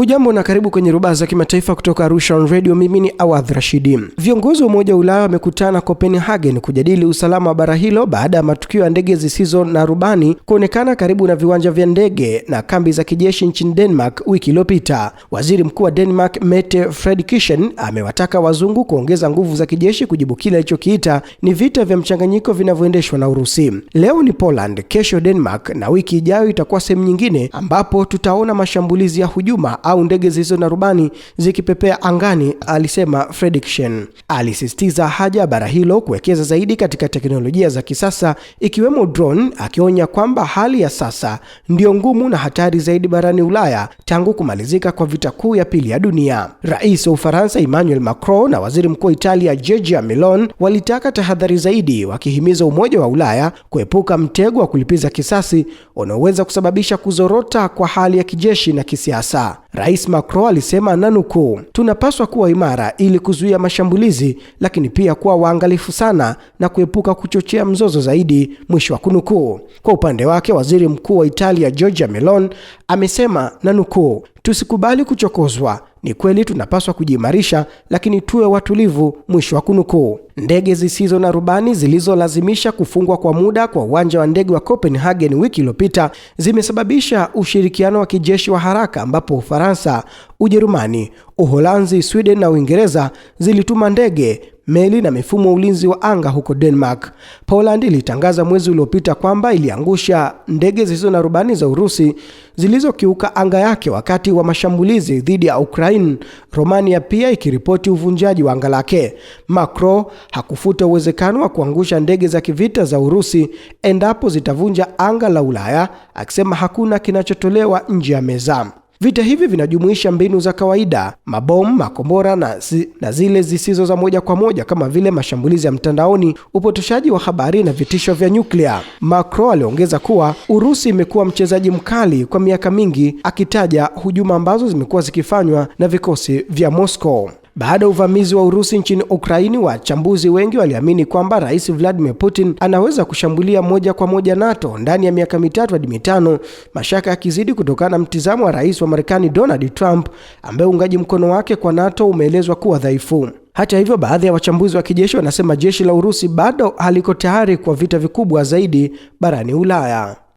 Hujambo na karibu kwenye rubaa za kimataifa kutoka Arusha on Radio. Mimi ni Awadh Rashidi. Viongozi wa Umoja wa Ulaya wamekutana Copenhagen kujadili usalama wa bara hilo baada ya matukio ya ndege zisizo na rubani kuonekana karibu na viwanja vya ndege na kambi za kijeshi nchini Denmark wiki iliyopita. Waziri Mkuu wa Denmark Mette Frederiksen amewataka wazungu kuongeza nguvu za kijeshi kujibu kile alichokiita ni vita vya mchanganyiko vinavyoendeshwa na Urusi. Leo ni Poland, kesho Denmark na wiki ijayo itakuwa sehemu nyingine ambapo tutaona mashambulizi ya hujuma au ndege zisizo na rubani zikipepea angani, alisema Shen. Alisisitiza haja ya bara hilo kuwekeza zaidi katika teknolojia za kisasa ikiwemo drone, akionya kwamba hali ya sasa ndio ngumu na hatari zaidi barani Ulaya tangu kumalizika kwa vita kuu ya pili ya dunia. Rais wa Ufaransa Emmanuel Macron na waziri mkuu wa Italia Giorgia Meloni walitaka tahadhari zaidi, wakihimiza Umoja wa Ulaya kuepuka mtego wa kulipiza kisasi unaoweza kusababisha kuzorota kwa hali ya kijeshi na kisiasa. Rais Macron alisema nanukuu, tunapaswa kuwa imara ili kuzuia mashambulizi, lakini pia kuwa waangalifu sana na kuepuka kuchochea mzozo zaidi, mwisho wa kunukuu. Kwa upande wake, waziri mkuu wa Italia Giorgia Meloni amesema nanukuu, tusikubali kuchokozwa ni kweli tunapaswa kujiimarisha, lakini tuwe watulivu, mwisho wa kunukuu. Ndege zisizo na rubani zilizolazimisha kufungwa kwa muda kwa uwanja wa ndege wa Copenhagen wiki iliyopita zimesababisha ushirikiano wa kijeshi wa haraka ambapo Ufaransa, Ujerumani, Uholanzi, Sweden na Uingereza zilituma ndege meli na mifumo ya ulinzi wa anga huko Denmark. Poland ilitangaza mwezi uliopita kwamba iliangusha ndege zisizo na rubani za Urusi zilizokiuka anga yake wakati wa mashambulizi dhidi ya Ukraine, Romania pia ikiripoti uvunjaji wa anga lake. Macron hakufuta uwezekano wa kuangusha ndege za kivita za Urusi endapo zitavunja anga la Ulaya, akisema hakuna kinachotolewa nje ya meza. Vita hivi vinajumuisha mbinu za kawaida, mabomu, makombora na, zi, na zile zisizo za moja kwa moja kama vile mashambulizi ya mtandaoni, upotoshaji wa habari na vitisho vya nyuklia. Macron aliongeza kuwa Urusi imekuwa mchezaji mkali kwa miaka mingi, akitaja hujuma ambazo zimekuwa zikifanywa na vikosi vya Moscow. Baada ya uvamizi wa Urusi nchini Ukraini, wachambuzi wengi waliamini kwamba Rais Vladimir Putin anaweza kushambulia moja kwa moja NATO ndani ya miaka mitatu hadi mitano, mashaka yakizidi kutokana na mtizamo wa Rais wa Marekani Donald Trump ambaye uungaji mkono wake kwa NATO umeelezwa kuwa dhaifu. Hata hivyo, baadhi ya wachambuzi wa kijeshi wanasema jeshi la Urusi bado haliko tayari kwa vita vikubwa zaidi barani Ulaya.